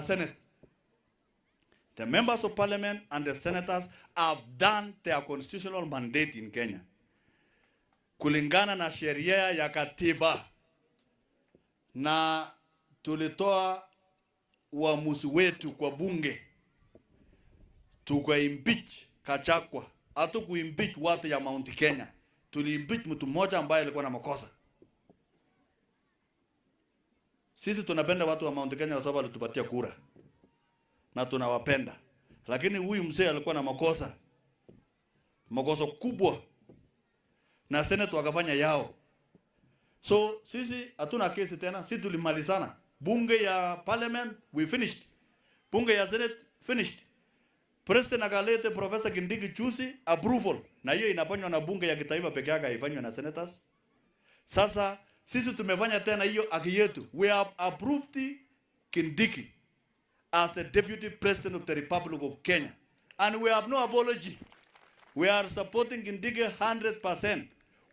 a Senate. The members of parliament and the senators have done their constitutional mandate in Kenya kulingana na sheria ya katiba, na tulitoa uamuzi wetu kwa bunge, tukaimpeach Kachakwa. Hatukuimpeach watu ya Mount Kenya, tuliimpeach mtu mmoja ambaye alikuwa na makosa. Sisi tunapenda watu wa Mount Kenya kwa sababu walitupatia kura na tunawapenda, lakini huyu mzee alikuwa na makosa makosa kubwa, na senate wakafanya yao. So sisi hatuna kesi tena, sisi tulimalizana. Bunge ya parliament we finished, bunge ya senate finished. President akalete Professor Kindiki Chusi approval, na hiyo inafanywa na bunge ya kitaifa peke yake, haifanywi na senators. Sasa sisi tumefanya tena hiyo haki yetu. We have approved Kindiki as the deputy president of the Republic of Kenya and we have no apology. We are supporting Kindiki 100%.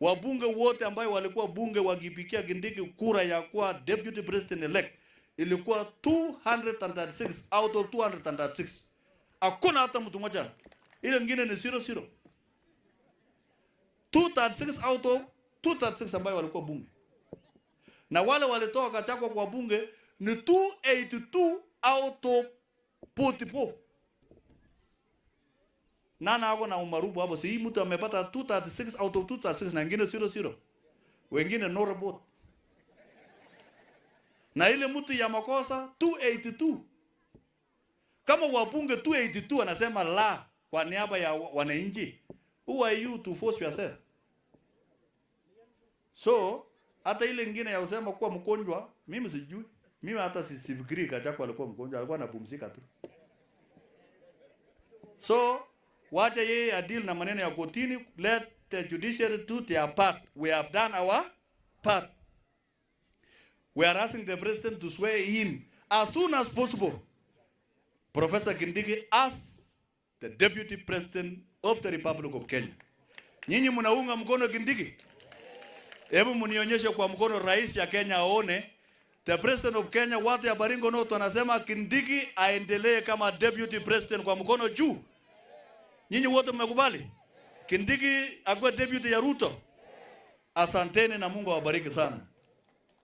Wabunge wote ambayo walikuwa bunge wakipikia Kindiki kura ya kuwa deputy president elect ilikuwa 236 out of 236. Hakuna hata mtu mmoja. Ile nyingine ni 00. 236 out of 236 ambayo walikuwa bunge na wale walitoka Gachagua kwa bunge ni 282 auto potipo 44. Nana ako na umarubu hapo, si mtu amepata 236 out of 236 na wengine 00, wengine no report. Na ile mtu ya makosa 282 kama wabunge 282 anasema la kwa niaba ya wananchi, who are you to force yourself? So hata ile nyingine ya usema kuwa mgonjwa, mimi sijui. Mimi hata sifikiri Gachagua alikuwa mgonjwa, alikuwa anapumzika tu. So wacha yeye adil na maneno ya kotini, let the judiciary do their part. We have done our part. We are asking the president to swear in as soon as possible. Professor Kindiki as the deputy president of the Republic of Kenya. Nyinyi mnaunga mkono Kindiki? Hebu mnionyeshe kwa mkono rais ya Kenya aone. The president of Kenya ya Baringo Noto anasema Kindiki aendelee kama deputy president kwa mkono juu. Nyinyi wote mmekubali? Kindiki akuwe deputy ya Ruto. Asanteni na Mungu awabariki sana.